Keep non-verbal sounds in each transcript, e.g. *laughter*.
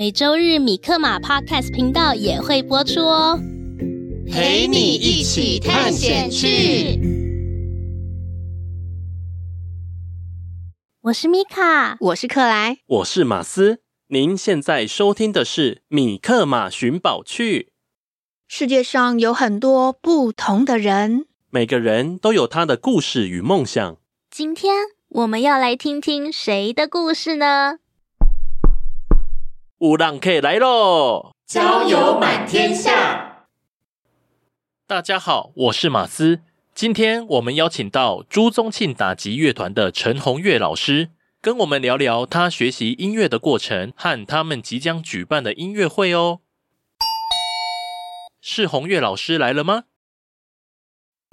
每周日，米克馬 Podcast 頻道也會播出哦，陪你一起探險去。我是米卡，我是克萊，我是馬斯。您現在收聽的是《米克馬尋寶趣》。世界上有很多不同的人，每個人都有他的故事與夢想。今天我們要來聽聽誰的故事呢？五浪 K 來嘍！交友滿天下。大家好，我是馬斯。今天我們邀請到朱宗慶打擊樂團的陳宏岳老師，跟我們聊聊他學習音樂的過程和他們即將舉辦的音樂會哦。是宏岳老師來了嗎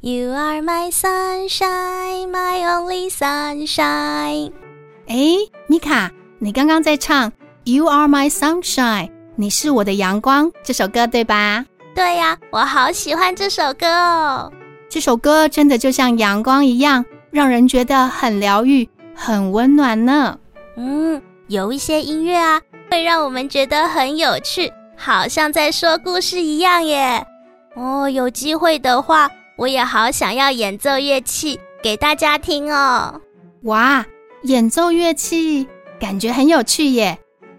？You are my sunshine, my only sunshine。誒，米卡，你剛剛在唱。You are my sunshine，你是我的陽光，這首歌對吧？對呀、啊，我好喜歡這首歌哦。這首歌真的就像陽光一樣，讓人覺得很療癒、很溫暖呢。嗯，有一些音樂啊，會讓我們覺得很有趣，好像在說故事一樣耶。哦，有機會的話，我也好想要演奏樂器給大家聽哦。哇，演奏樂器感覺很有趣耶。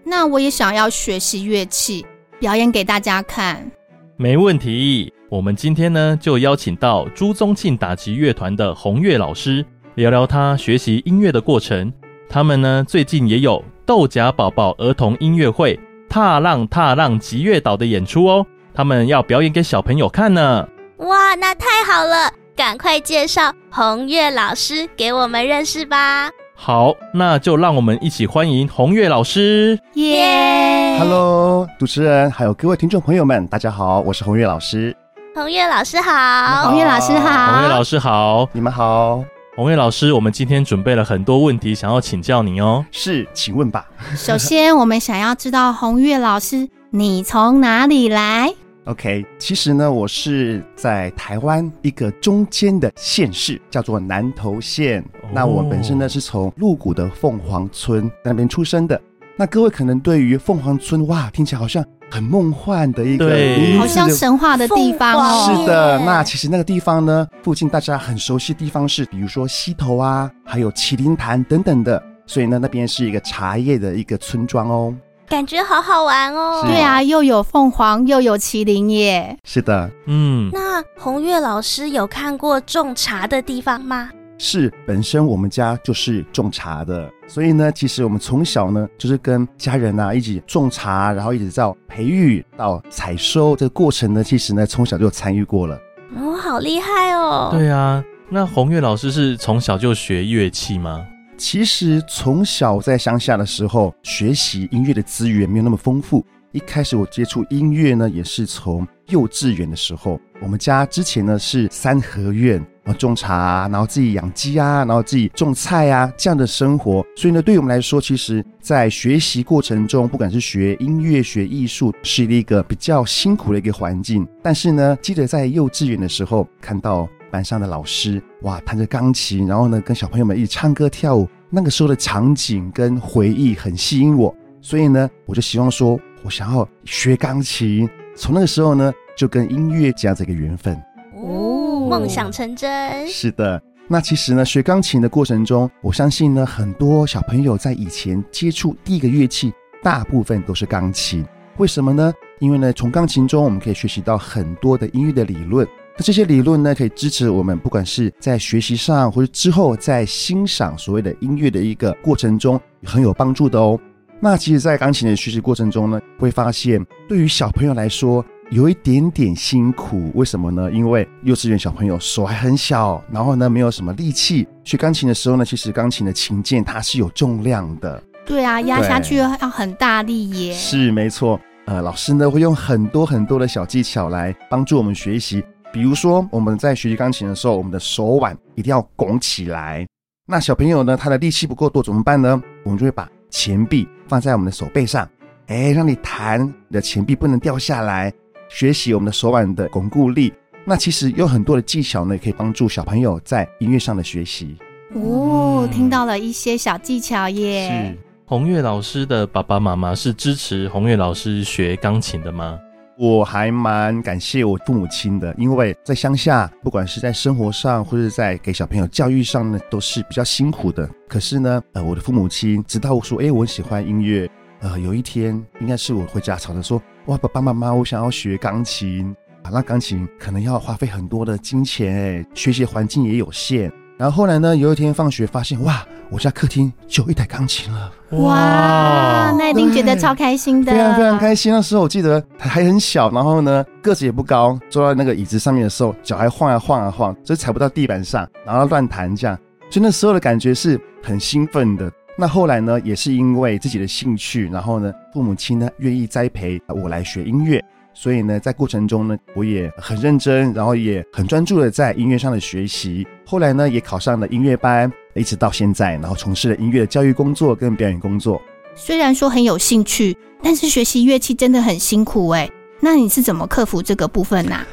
那我也想要學習樂器，表演給大家看。沒問題，我們今天呢就邀請到朱宗慶打擊樂團的宏岳老師，聊聊他學習音樂的過程。他們呢最近也有豆莢寶寶兒童音樂會《踏浪踏浪集樂島》的演出哦，他們要表演給小朋友看呢。哇，那太好了，趕快介紹宏岳老師給我們認識吧。好，那就讓我們一起歡迎宏岳老師。耶 Yeah!，Hello，主持人還有各位聽眾朋友們，大家好，我是宏岳老師。宏岳老師好，宏好岳老師好，宏岳老師好，你們好，宏岳老師，我們今天準備了很多問題，想要請教你哦。是，請問吧。首先，我們想要知道宏岳老師，你從哪裡來？OK，其實呢，我是在台灣一個中間的縣市，叫做南投縣。哦、那我本身呢，是從鹿谷的鳳凰村那邊出生的。那各位可能對於鳳凰村哇，聽起來好像很夢幻的一個，對好像神話的地方哦。是的，凰那其實那個地方呢，附近大家很熟悉的地方是，比如說溪頭啊，還有麒麟潭等等的。所以呢，那邊是一個茶葉的一個村莊哦。感覺好好玩哦！是對啊，又有鳳凰，又有麒麟耶。是的，嗯。那宏岳老師有看過種茶的地方嗎？是，本身我們家就是種茶的，所以呢，其實我們從小呢就是跟家人吶、啊、一起種茶，然後一直到培育到採收這個過程呢，其實呢從小就有參與過了。哦，好厲害哦！對啊，那宏岳老師是從小就學樂器嗎？其實從小在鄉下的時候，學習音樂的資源沒有那麼豐富。一開始我接觸音樂呢，也是從幼稚園的時候。我們家之前呢是三合院，然後種茶啊，然後自己養雞啊，然後自己種菜啊，這樣的生活。所以呢，對於我們來說，其實，在學習過程中，不管是學音樂、學藝術，是一個比較辛苦的一個環境。但是呢，記得在幼稚園的時候，看到班上的老師哇，彈着鋼琴，然後呢，跟小朋友們一起唱歌跳舞。那個時候的場景跟回憶很吸引我，所以呢，我就希望說，我想要學鋼琴。從那個時候呢，就跟音樂這樣子一個緣分。哦，夢想成真。是的，那其實呢，學鋼琴的過程中，我相信呢，很多小朋友在以前接觸第一個樂器，大部分都是鋼琴。為什麼呢？因為呢，從鋼琴中我們可以學習到很多的音樂的理論。那這些理論呢，可以支持我們，不管是在學習上，或者之後在欣賞所謂的音樂的一個過程中，很有幫助的哦。那其實，在鋼琴的學習過程中呢，會發現對於小朋友來說有一點點辛苦。為什麼呢？因為幼稚園小朋友手還很小，然後呢，沒有什麼力氣。學鋼琴的時候呢，其實鋼琴的琴鍵它是有重量的。對啊，壓下去對要很大力耶。是，沒錯。呃，老師呢會用很多很多的小技巧來幫助我們學習。比如說，我們在學習鋼琴的時候，我們的手腕一定要拱起來。那小朋友呢，他的力氣不夠多，怎麼辦呢？我們就會把錢幣放在我們的手背上，哎，讓你彈，你的錢幣不能掉下來。學習我們的手腕的鞏固力。那其實有很多的技巧呢，也可以幫助小朋友在音樂上的學習。哦，聽到了一些小技巧耶。是，宏岳老師的爸爸媽媽是支持宏岳老師學鋼琴的嗎？我還蠻感謝我父母親的，因為在鄉下，不管是在生活上，或者在給小朋友教育上呢，都是比較辛苦的。可是呢，呃，我的父母親知道我說，哎、欸，我很喜歡音樂，呃，有一天應該是我回家吵著說，哇，爸爸媽媽，我想要學鋼琴啊。那鋼琴可能要花費很多的金錢，欸，誒學習環境也有限。然後後來呢，有一天放學發現，哇，我家客廳就有一台鋼琴了！哇 Wow, Wow, 對，那一定覺得超開心的。對，非常非常開心。那時候我記得還很小，然後呢個子也不高，坐在那個椅子上面的時候，腳還晃啊晃啊晃，所以踩不到地板上，然後亂彈這樣。所以那時候的感覺是很興奮的。那後來呢，也是因為自己的興趣，然後呢父母親呢願意栽培我來學音樂。所以呢，在過程中呢，我也很認真，然後也很專注的在音樂上的學習。後來呢，也考上了音樂班，一直到現在，然後從事了音樂的教育工作跟表演工作。雖然說很有興趣，但是學習樂器真的很辛苦哎。那你是怎麼克服這個部分呢啊？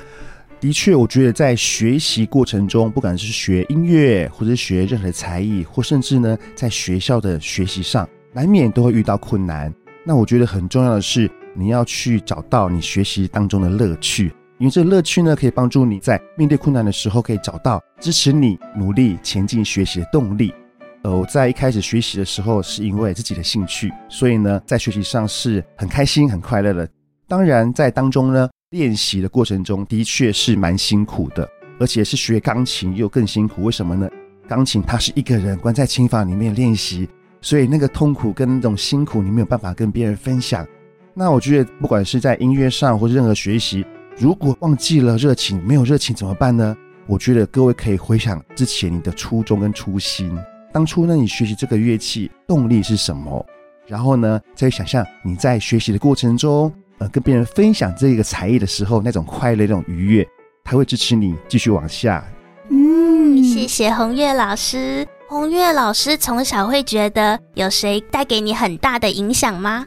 的確，我覺得在學習過程中，不管是學音樂，或者學任何的才藝，或甚至呢，在學校的學習上，難免都會遇到困難。那我覺得很重要的是。你要去找到你學習當中的樂趣，因為這個樂趣呢，可以幫助你在面對困難的時候，可以找到支持你努力前進學習的動力。哦，在一開始學習的時候，是因為自己的興趣，所以呢，在學習上是很開心、很快樂的。當然，在當中呢，練習的過程中的確是蠻辛苦的，而且是學鋼琴又更辛苦。為什麼呢？鋼琴它是一個人關在琴房裡面練習，所以那個痛苦跟那種辛苦，你沒有辦法跟別人分享。那我覺得，不管是在音樂上或是任何學習，如果忘記了熱情，沒有熱情怎麼辦呢？我覺得各位可以回想之前你的初衷跟初心，當初呢，你學習這個樂器動力是什麼？然後呢，再想象你在學習的過程中，呃，跟別人分享這個才藝的時候，那種快樂、那種愉悅，他會支持你繼續往下。嗯，謝謝宏岳老師。宏岳老師從小會覺得有誰帶給你很大的影響嗎？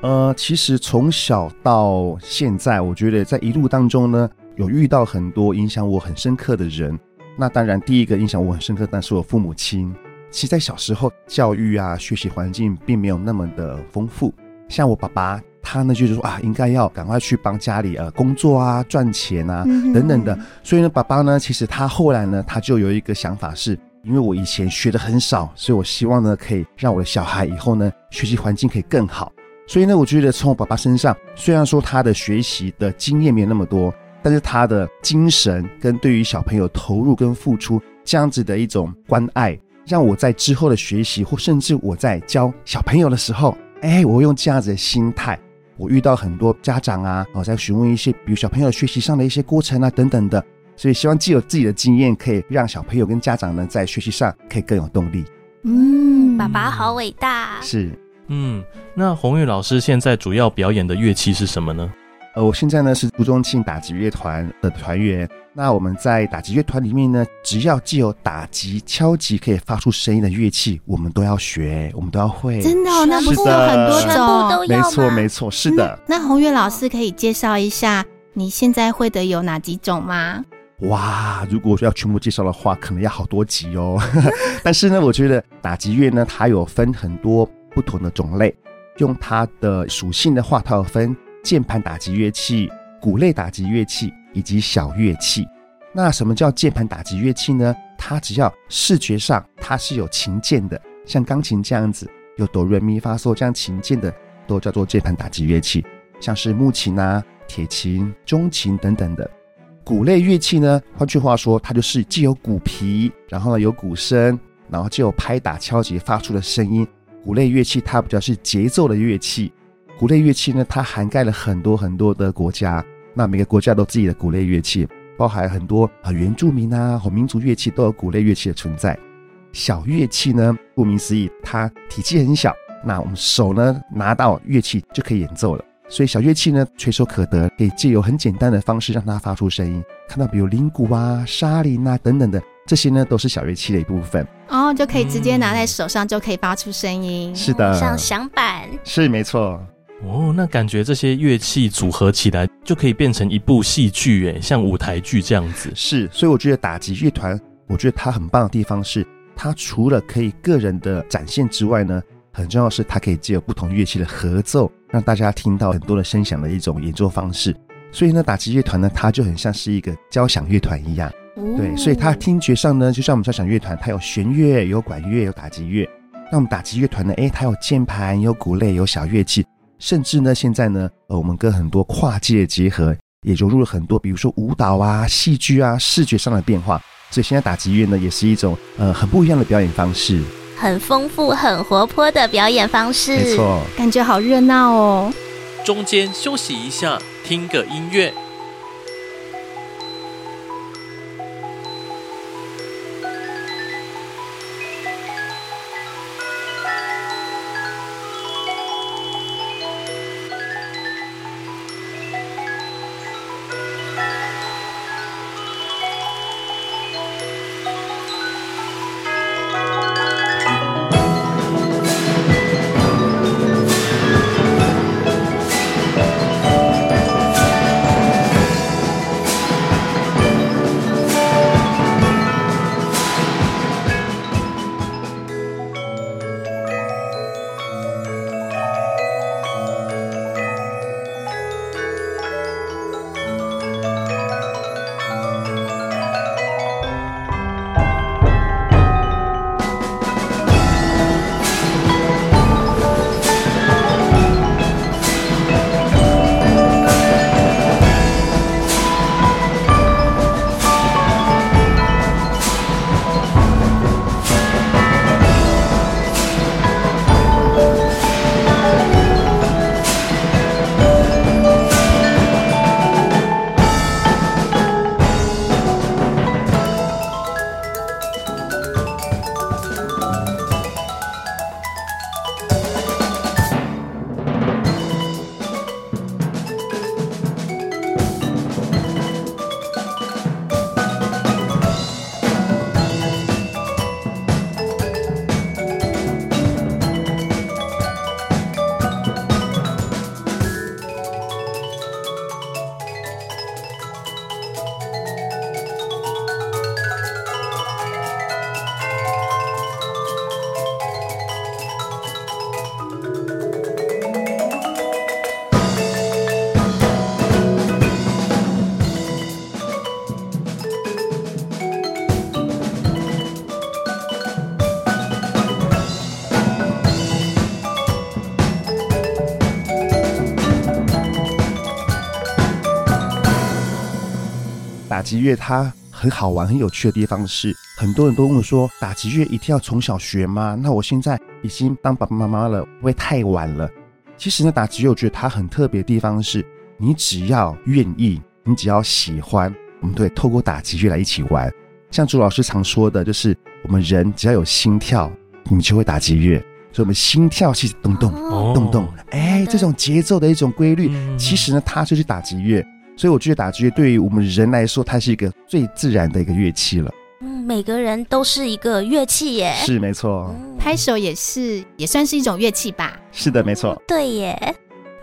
呃，其實從小到現在，我覺得在一路當中呢，有遇到很多影響我很深刻的人。那當然，第一個影響我很深刻，但是我父母親，其實在小時候教育啊，學習環境並沒有那麼的豐富。像我爸爸，他呢，就是說啊，應該要趕快去幫家裡呃工作啊，賺錢啊，嗯嗯等等的。所以呢，爸爸呢，其實他後來呢，他就有一個想法是，因為我以前學的很少，所以我希望呢，可以讓我的小孩以後呢，學習環境可以更好。所以呢，我覺得從我爸爸身上，雖然說他的學習的經驗沒有那麼多，但是他的精神跟對於小朋友投入跟付出這樣子的一種關愛，讓我在之後的學習，或甚至我在教小朋友的時候，哎，我用這樣子的心態，我遇到很多家長啊，我在詢問一些，比如小朋友學習上的一些過程啊等等的。所以希望既有自己的經驗，可以讓小朋友跟家長呢，在學習上可以更有動力。嗯，爸爸好偉大。是。嗯，那宏岳老師現在主要表演的樂器是什麼呢？呃，我現在呢，是朱宗慶打擊樂團的團員。那我們在打擊樂團裡面呢，只要既有打擊、敲擊可以發出聲音的樂器，我們都要學，我們都要會。真的哦？那不是有很多種，都有？沒錯，沒錯，是的。那宏岳老師可以介紹一下你現在會的有哪幾種嗎？哇，如果要全部介紹的話，可能要好多集哦。 *laughs* 但是呢，我覺得打擊樂呢，它有分很多。不同的種類，用它的屬性的話套分，它要分鍵盤打擊樂器、鼓類打擊樂器以及小樂器。那什麼叫鍵盤打擊樂器呢？它只要視覺上它是有琴鍵的，像鋼琴這樣子有哆瑞咪發嗦這樣琴鍵的，都叫做鍵盤打擊樂器，像是木琴啊、鐵琴、鐘琴等等的。鼓類樂器呢，換句話說，它就是既有鼓皮，然後呢有鼓聲，然後就有拍打、敲擊發出的聲音。鼓類樂器它主要是節奏的樂器，鼓類樂器呢，它涵蓋了很多很多的國家，那每個國家都有自己的鼓類樂器，包含很多啊原住民啊和民族樂器都有鼓類樂器的存在。小樂器呢，顧名思義，它體積很小，那我們手呢拿到樂器就可以演奏了，所以小樂器呢，垂手可得，可以借由很簡單的方式讓它發出聲音。看到比如鈴鼓啊、沙鈴啊等等的。這些呢都是小樂器的一部分哦，就可以直接拿在手上，就可以發出聲音。嗯，是的，像響板，是，沒錯。哦，那感覺這些樂器組合起來，就可以變成一部戲劇，哎，像舞台劇這樣子。是，所以我覺得打擊樂團，我覺得它很棒的地方是，它除了可以個人的展現之外呢，很重要的是它可以借由不同樂器的合奏，讓大家聽到很多的聲響的一種演奏方式。所以呢，打擊樂團呢，它就很像是一個交響樂團一樣。對，所以它聽覺上呢，就像我們交響樂團，它有弦樂，有管樂，有打擊樂。那我們打擊樂團呢？哎，它有鍵盤，有鼓類，有小樂器，甚至呢，現在呢，呃，我們跟很多跨界結合，也融入了很多，比如說舞蹈啊、戲劇啊，視覺上的變化。所以現在打擊樂呢，也是一種呃很不一樣的表演方式，很豐富、很活潑的表演方式。沒錯，感覺好熱鬧哦。中間休息一下，聽個音樂。擊樂它很好玩，很有趣的地方是，很多人都跟我說，打擊樂一定要從小學嗎？那我現在已經當爸爸媽媽了，會不會太晚了？其實呢，打擊樂，我覺得它很特別的地方是，你只要願意，你只要喜歡，我們都會透過打擊樂來一起玩。像朱老師常說的，就是我們人只要有心跳，你就會打擊樂。所以，我們心跳是咚咚咚咚，哎、哦欸，這種節奏的一種規律，嗯、其實呢，它就是去打擊樂。所以我覺得打擊樂對於我們人來說，它是一個最自然的一個樂器了。嗯，每個人都是一個樂器耶，是沒錯。嗯、拍手也是也算是一種樂器吧？嗯、是的，沒錯。嗯、對耶。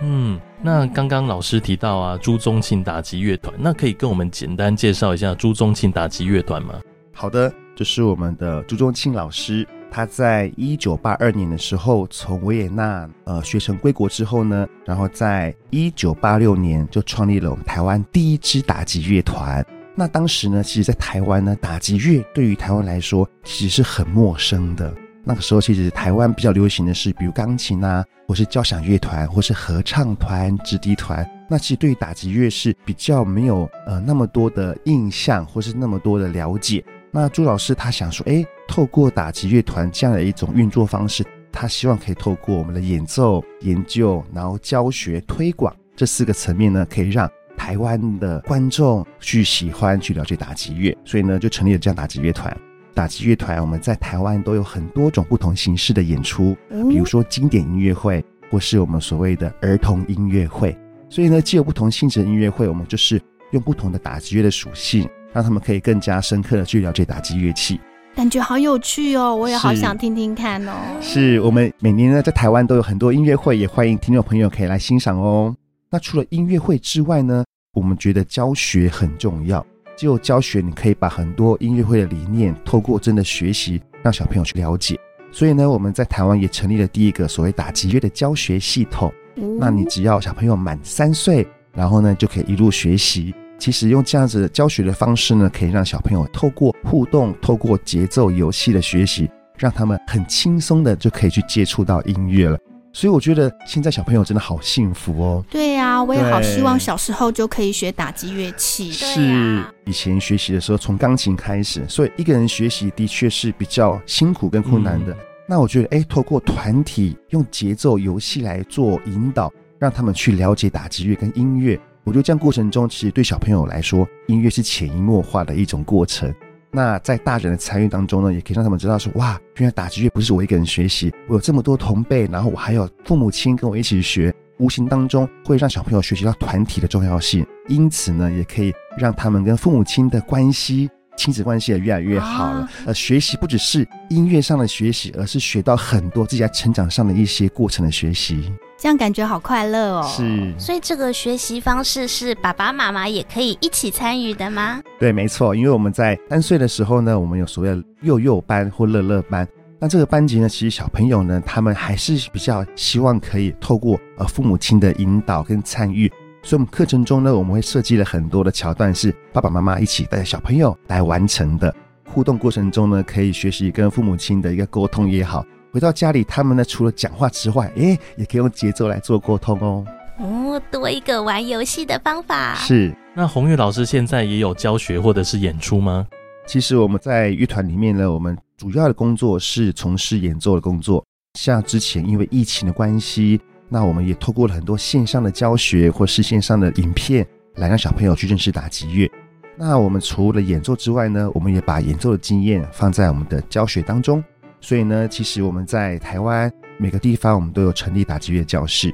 嗯，那剛剛老師提到啊，朱宗慶打擊樂團，那可以跟我們簡單介紹一下朱宗慶打擊樂團嗎？好的，這、就是我們的朱宗慶老師。他在一九八二年的時候從維也納呃學成歸國之後呢，然後在一九八六年就創立了我們台灣第一支打擊樂團。那當時呢，其實，在台灣呢，打擊樂對於台灣來說其實是很陌生的。那個時候，其實台灣比較流行的是，比如鋼琴啊，或是交響樂團，或是合唱團、直笛團。那其實對於打擊樂是比較沒有呃那麼多的印象，或是那麼多的了解。那朱老師他想說，誒，透過打擊樂團這樣的一種運作方式，他希望可以透過我們的演奏、研究、然後教學、推廣這四個層面呢，可以讓台灣的觀眾去喜歡、去了解打擊樂。所以呢，就成立了這樣打擊樂團。打擊樂團我們在台灣都有很多種不同形式的演出，比如說經典音樂會，或是我們所謂的兒童音樂會。所以呢，既有不同性質的音樂會，我們就是用不同的打擊樂的屬性，讓他們可以更加深刻的去了解打擊樂器，感覺好有趣哦！我也好想聽聽看哦。是，是我們每年呢，在台灣都有很多音樂會，也歡迎聽眾朋友可以來欣賞哦。那除了音樂會之外呢，我們覺得教學很重要。只有教學，你可以把很多音樂會的理念透過真的學習，讓小朋友去了解。所以呢，我們在台灣也成立了第一個所謂打擊樂的教學系統。那你只要小朋友滿三歲，然後呢，就可以一路學習。其實用這樣子的教學的方式呢，可以讓小朋友透過互動、透過節奏遊戲的學習，讓他們很輕鬆的就可以去接觸到音樂了。所以我覺得現在小朋友真的好幸福哦。對呀、啊，我也好希望小時候就可以學打擊樂器。對是，啊、以前學習的時候從鋼琴開始，所以一個人學習的確是比較辛苦跟困難的。嗯、那我覺得，誒，透過團體用節奏遊戲來做引導，讓他們去了解打擊樂跟音樂。我覺得這樣過程中，其實對小朋友來說，音樂是潛移默化的一種過程。那在大人的參與當中呢，也可以讓他們知道說，哇，原來打擊樂不是我一個人學習，我有這麼多同輩，然後我還有父母親跟我一起學，無形當中會讓小朋友學習到團體的重要性。因此呢，也可以讓他們跟父母親的關係。親子關係也越來越好了。啊、呃，學習不只是音樂上的學習，而是學到很多自己在成長上的一些過程的學習。這樣感覺好快樂哦！是，所以這個學習方式是爸爸媽媽也可以一起參與的嗎？ *laughs* 對，沒錯。因為我們在三歲的時候呢，我們有所謂的幼幼班或樂樂班。那這個班級呢，其實小朋友呢，他們還是比較希望可以透過呃父母親的引導跟參與。所以，我們課程中呢，我們會設計了很多的橋段，是爸爸媽媽一起帶着小朋友來完成的。互動過程中呢，可以學習跟父母親的一個溝通也好。回到家裡，他們呢除了講話之外，哎，也可以用節奏來做溝通哦。哦、嗯，多一個玩遊戲的方法。是。那宏岳老師現在也有教學或者是演出嗎？其實我們在樂團裡面呢，我們主要的工作是從事演奏的工作。像之前因為疫情的關係。那我們也透過了很多線上的教學或是線上的影片，來讓小朋友去認識打擊樂。那我們除了演奏之外呢，我們也把演奏的經驗放在我們的教學當中。所以呢，其實我們在台灣每個地方，我們都有成立打擊樂教室。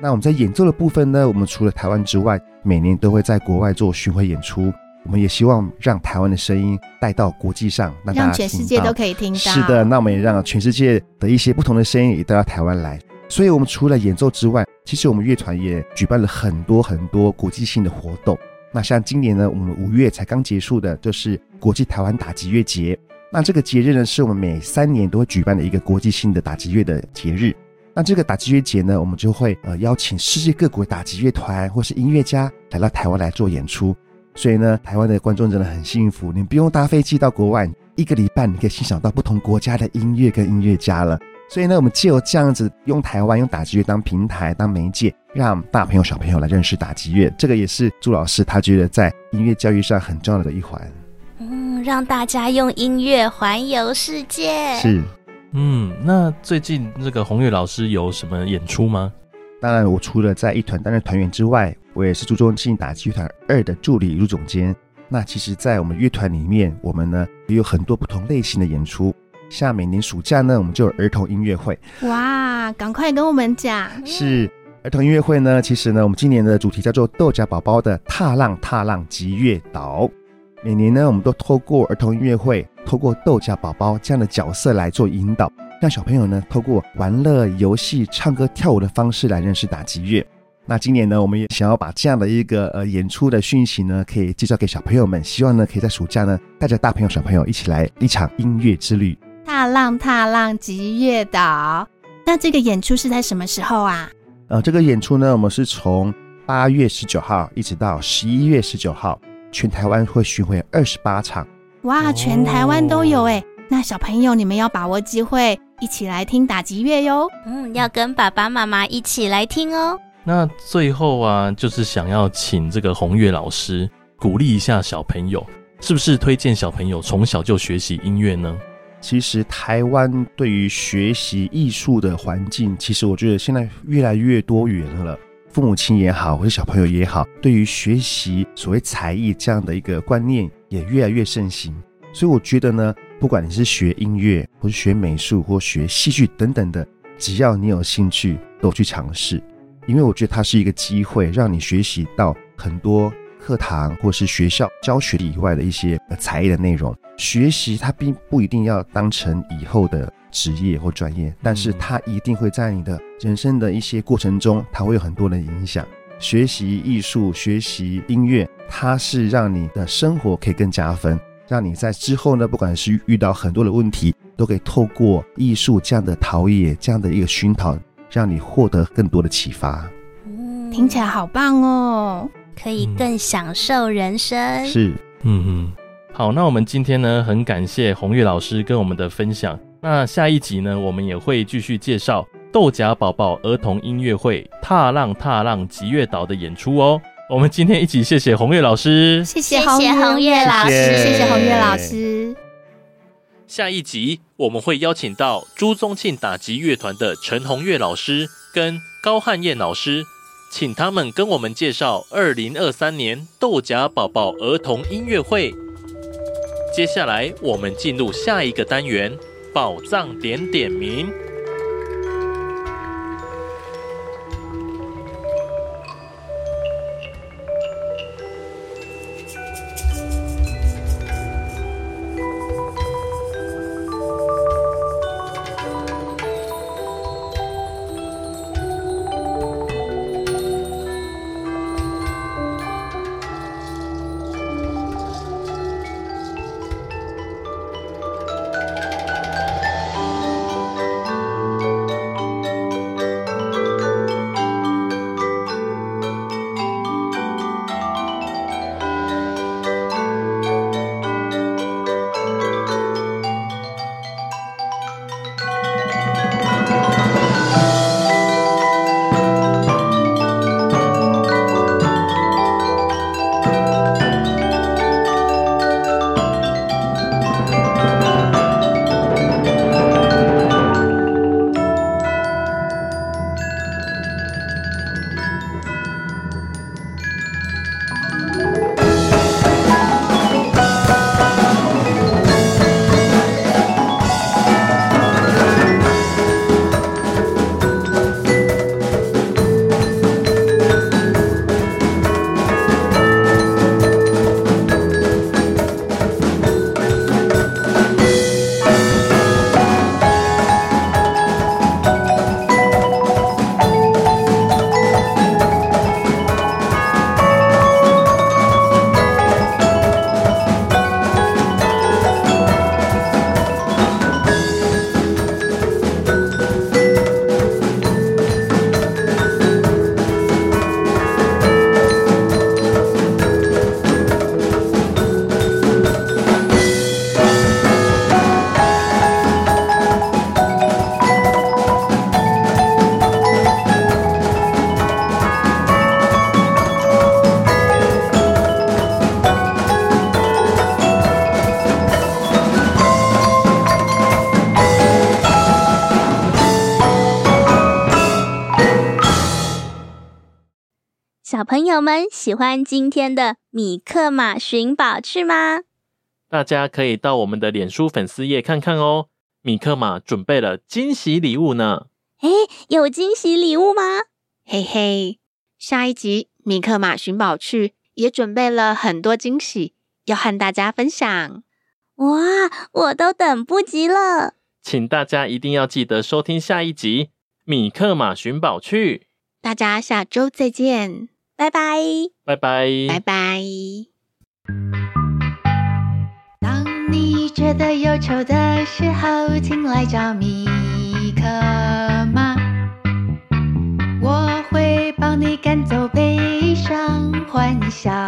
那我們在演奏的部分呢，我們除了台灣之外，每年都會在國外做巡迴演出。我們也希望讓台灣的聲音帶到國際上，讓全世界都可以聽到。是的，那我們也讓全世界的一些不同的聲音也帶到台灣來。所以，我們除了演奏之外，其實我們樂團也舉辦了很多很多國際性的活動。那像今年呢，我們五月才剛結束的，就是國際台灣打擊樂節。那這個節日呢，是我們每三年都會舉辦的一個國際性的打擊樂的節日。那這個打擊樂節呢，我們就會呃邀請世界各國打擊樂團或是音樂家來到台灣來做演出。所以呢，台灣的觀眾真的很幸福，你不用搭飛機到國外，一個禮拜你可以欣賞到不同國家的音樂跟音樂家了。所以呢，我們就這樣子用台灣用打擊樂當平台當媒介，讓大朋友小朋友來認識打擊樂。這個也是朱老師他覺得在音樂教育上很重要的一環。嗯，讓大家用音樂環遊世界。是。嗯，那最近這個宏岳老師有什麼演出嗎？當然，我除了在一團擔任團員之外，我也是朱宗慶打擊樂團二的助理藝術總監。那其實，在我們樂團裡面，我們呢也有很多不同類型的演出。像每年暑假呢，我們就有兒童音樂會。哇，趕快跟我們講。是，兒童音樂會呢，其實呢，我們今年的主題叫做豆莢寶寶的踏浪踏浪集樂島。每年呢，我們都透過兒童音樂會，透過豆莢寶寶這樣的角色來做引導，讓小朋友呢透過玩樂遊戲、唱歌跳舞的方式來認識打擊樂。那今年呢，我們也想要把這樣的一個呃演出的訊息呢，可以介紹給小朋友們，希望呢可以在暑假呢，帶着大朋友小朋友一起來一場音樂之旅。踏浪，踏浪，擊樂島。那這個演出是在什麼時候啊？呃，這個演出呢，我們是從八月十九號一直到十一月十九號，全台灣會巡迴二十八場。哇，全台灣都有哎！哦、那小朋友，你們要把握機會，一起來聽打擊樂喲。嗯，要跟爸爸媽媽一起來聽哦。那最後啊，就是想要請這個宏岳老師鼓勵一下小朋友，是不是推薦小朋友從小就學習音樂呢？其實台灣對於學習藝術的環境，其實我覺得現在越來越多元了。父母親也好，或是小朋友也好，對於學習所謂才藝這樣的一個觀念也越來越盛行。所以我覺得呢，不管你是學音樂，或是學美術，或學戲劇等等的，只要你有興趣，都去嘗試。因為我覺得它是一個機會，讓你學習到很多課堂或是學校教學以外的一些才藝的內容。學習它並不一定要當成以後的職業或專業，但是它一定會在你的人生的一些過程中，它會有很多的影響。學習藝術、學習音樂，它是讓你的生活可以更加分，讓你在之後呢，不管是遇到很多的問題，都可以透過藝術這樣的陶冶，這樣的一個熏陶，讓你獲得更多的啟發。嗯，聽起來好棒哦，可以更享受人生。是，嗯嗯。好，那我們今天呢，很感謝宏岳老師跟我們的分享。那下一集呢，我們也會繼續介紹豆莢寶寶兒童音樂會《踏浪踏浪極樂島》的演出哦。我們今天一起謝謝宏岳老師，謝謝宏岳老師，謝謝宏岳老師。下一集我們會邀請到朱宗慶打擊樂團的陳宏岳老師跟高漢燕老師，請他們跟我們介紹二零二三年豆莢寶寶兒童音樂會。接下來，我們進入下一個單元——寶藏點點名。小朋友們喜歡今天的米克馬尋寶趣嗎？大家可以到我們的臉書粉絲頁看看哦。米克馬準備了驚喜禮物呢。哎，有驚喜禮物嗎？嘿嘿，下一集米克馬尋寶趣也準備了很多驚喜要和大家分享。哇，我都等不及了！請大家一定要記得收聽下一集米克馬尋寶趣，大家下周再見。拜拜，拜拜，拜拜 bye。當你覺得憂愁的時候，請來找米克馬，我會幫你趕走悲傷，歡笑